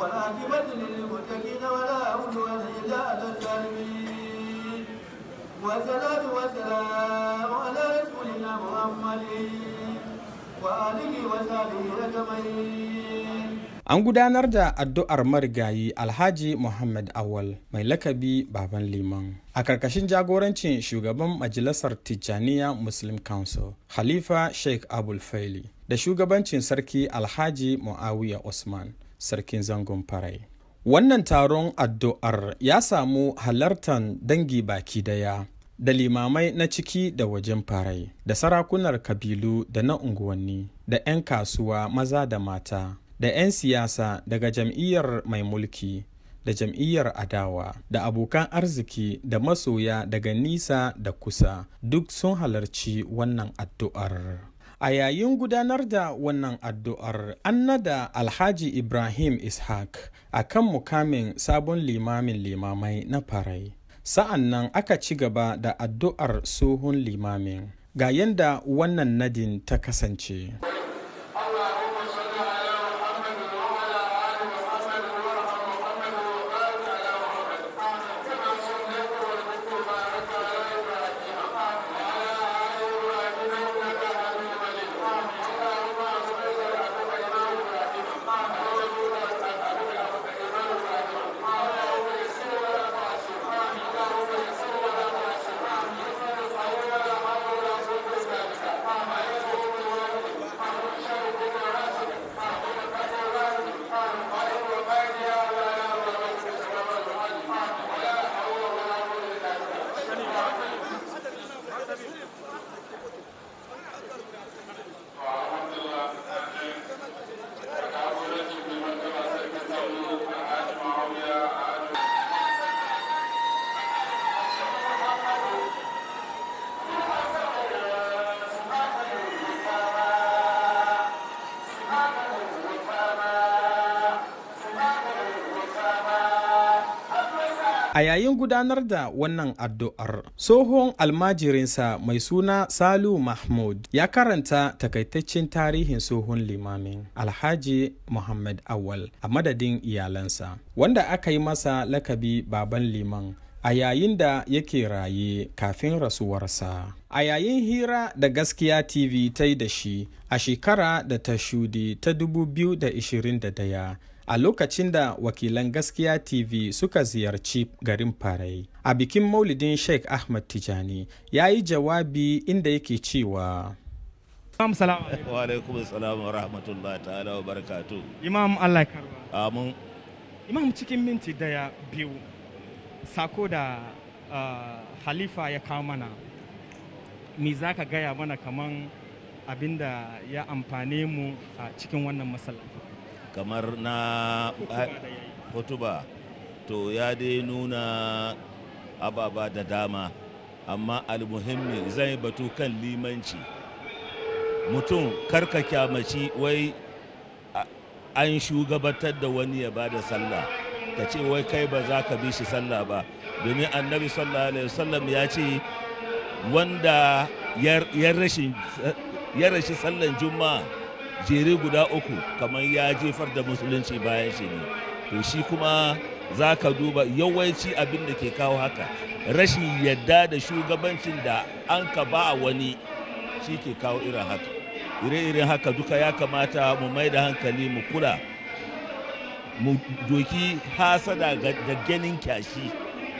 والعاقبة للمتقين ولا عدوان إلا على الظالمين والصلاة والسلام على رسولنا محمد وآله وصحبه أجمعين An gudanar da addu'ar marigayi Alhaji Muhammad Awal mai lakabi Baban Liman a karkashin jagorancin shugaban Majalisar Tijjaniya Muslim Council Khalifa Sheikh Abul Faili da shugabancin Sarki Alhaji Muawiya Usman. sarkin zangon farai wannan taron addu'ar ya samu halartan dangi baki daya da limamai na ciki da wajen farai da sarakunar kabilu da na unguwanni da 'yan kasuwa maza da mata da 'yan siyasa daga jam'iyyar mai mulki da jam'iyyar adawa da abokan arziki da masoya daga nisa da kusa duk sun halarci wannan addu'ar. A yayin gudanar da wannan addu'ar an nada Alhaji Ibrahim Ishaq a kan mukamin sabon limamin limamai na farai. Sa'an nan aka ci gaba da addu'ar tsohon limamin. Ga yadda wannan nadin ta kasance. A yayin gudanar da wannan addu'ar, tsohon almajirinsa mai suna Salu Mahmud ya karanta takaitaccen tarihin tsohon limamin Alhaji Muhammad Awal a madadin iyalansa, wanda aka yi masa lakabi baban liman a yayin da yake raye kafin rasuwarsa. A yayin hira da gaskiya TV ta yi da shi a shekara da ta shudi ta 2021. a lokacin da wakilan gaskiya tv suka ziyarci garin farai a bikin maulidin sheikh ahmad tijani ya yi jawabi inda yake cewa Imam salamu wa alaikum salamu wa rahmatullahi ta'ala wa barakatu. Imam Allah karba. Amin. Imam cikin minti daya biyu sako da uh, ah, halifa ya kawo mana me za ka gaya mana kaman abinda ya amfane mu a uh, cikin wannan masallaci. kamar na hutuba to ya dai nuna ababa da dama amma almuhimmi zai batu kan limanci mutum karka kyamaci wai an shugabatar da wani ya ba da sallah ka ce wai kai ba za ka bi shi sallah ba domin annabi sallallahu alaihi wasallam ya ce wanda ya rashin sallan juma'a jere guda uku kamar ya jefar da musulunci bayan shi to shi kuma za ka duba yawanci abin da ke kawo haka rashin yadda da shugabancin da an ka ba a wani shi ke kawo irin haka ire-iren haka duka ya kamata mu mai da hankali mu kula mu doki hasada da ganin kyashi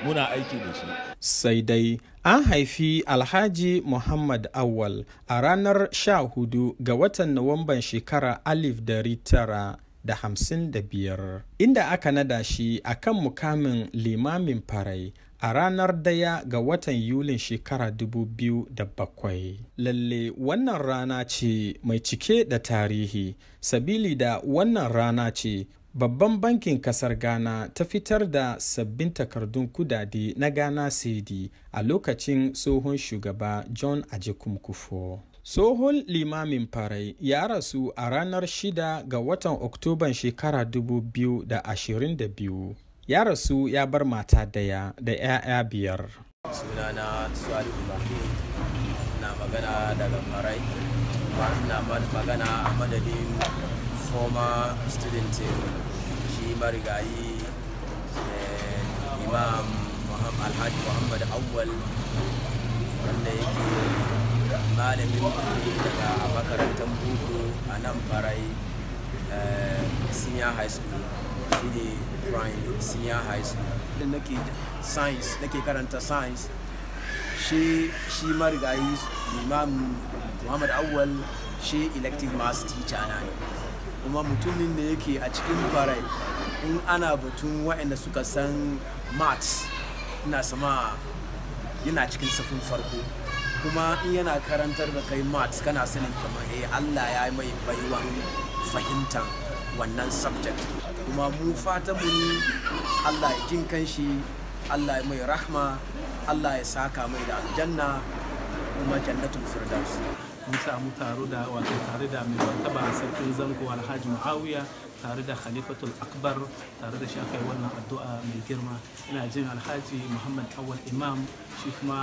muna aiki da shi. Sai dai an haifi Alhaji Muhammad Awal a ranar sha hudu ga watan Nuwamban shekara alif da tara. da hamsin da biyar inda aka nada shi a kan mukamin limamin farai a ranar daya ga watan yulin shekara dubu biyu da bakwai lalle wannan rana ce mai cike da tarihi sabili da wannan rana ce babban bankin kasar ghana ta fitar da sabbin takardun kudade na ghana cedi a lokacin tsohon shugaba john ajekum kufo tsohon limamin farai ya rasu a ranar 6 ga watan oktoban shekara 2022 ya rasu ya bar mata daya da 'ya'ya biyar sunana salihu mahmud na magana daga farai na magana a madadin former student team shi marigayi eh, imam alhaji muhammad awwal wanda yake malamin kuri daga makarantar Buku a nan farai eh, senior high school shi ne prime senior high school nake science nake karanta science shi marigayi imam muhammad awwal shi elective mass teacher na ne kuma mutumin da yake a cikin farai in ana batun waɗanda suka san maths ina sama yana cikin safin farko kuma in yana karantar da kai maths kana sanin kamar eh Allah ya mai baiwan fahimtar wannan subject kuma mu fata mu ni Allah ya jin kanshi Allah ya mai rahma Allah ya saka mai da aljanna kuma jannatul firdaus mun samu taro da wato tare da mai martaba sarkin zango alhaji muawiya tare da khalifatul akbar tare da shafai wannan addu'a mai girma ina jin alhaji muhammad awal imam shi kuma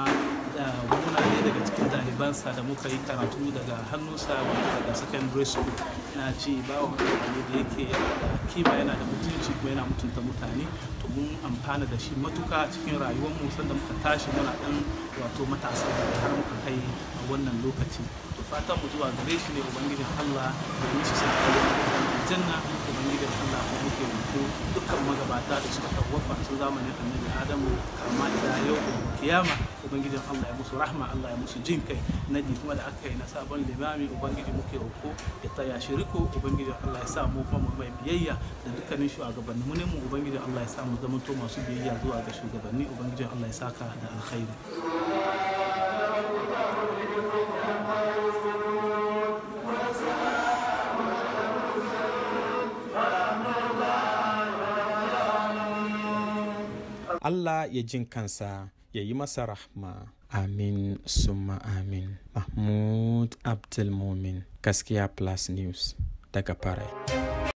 muna ne daga cikin ɗalibansa da muka yi karatu daga hannunsa wato daga secondary school ina ci bawa mutane da yake kima yana da mutunci kuma yana mutunta mutane to mun amfana da shi matuka cikin rayuwar rayuwarmu sanda muka tashi muna dan wato matasa har muka kai a wannan lokaci fatan mu zuwa gare shi ne ubangijin Allah da yi shi sai janna ubangijin Allah ko muke duka dukkan magabata da suka tawaffa sun zamanin annabi Adamu kama da yau kiyama ubangijin Allah ya musu rahma Allah ya musu jin kai ji kuma da aka yi na sabon limami ubangiji muke roƙo ya taya shi riko ubangijin Allah ya sa mu kuma mu mai biyayya da dukkanin shugabanni mu ne mu ubangijin Allah ya sa mu zama to masu biyayya zuwa ga shugabanni ubangijin Allah ya saka da alkhairi Allah ya jin kansa ya yi masa rahma. Amin summa amin. Mahmud Abdulmumin gaskiya plus news daga farai.